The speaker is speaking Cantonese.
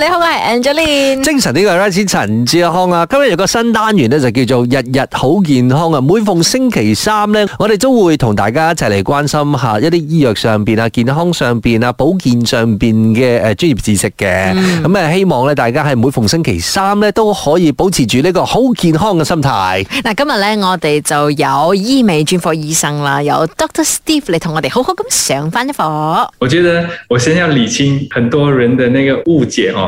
你好，我係 Angelina。精神呢位老師陳志康啊，今日有個新單元咧，就叫做日日好健康啊。每逢星期三咧，我哋都會同大家一齊嚟關心下一啲醫藥上邊啊、健康上邊啊、保健上邊嘅誒專業知識嘅。咁、嗯、希望咧大家喺每逢星期三咧都可以保持住呢個好健康嘅心態。嗱，今日咧我哋就有醫美專科醫生啦，有 Doctor Steve 嚟同我哋好好咁上翻一課。我覺得我先要理清很多人的那個誤解啊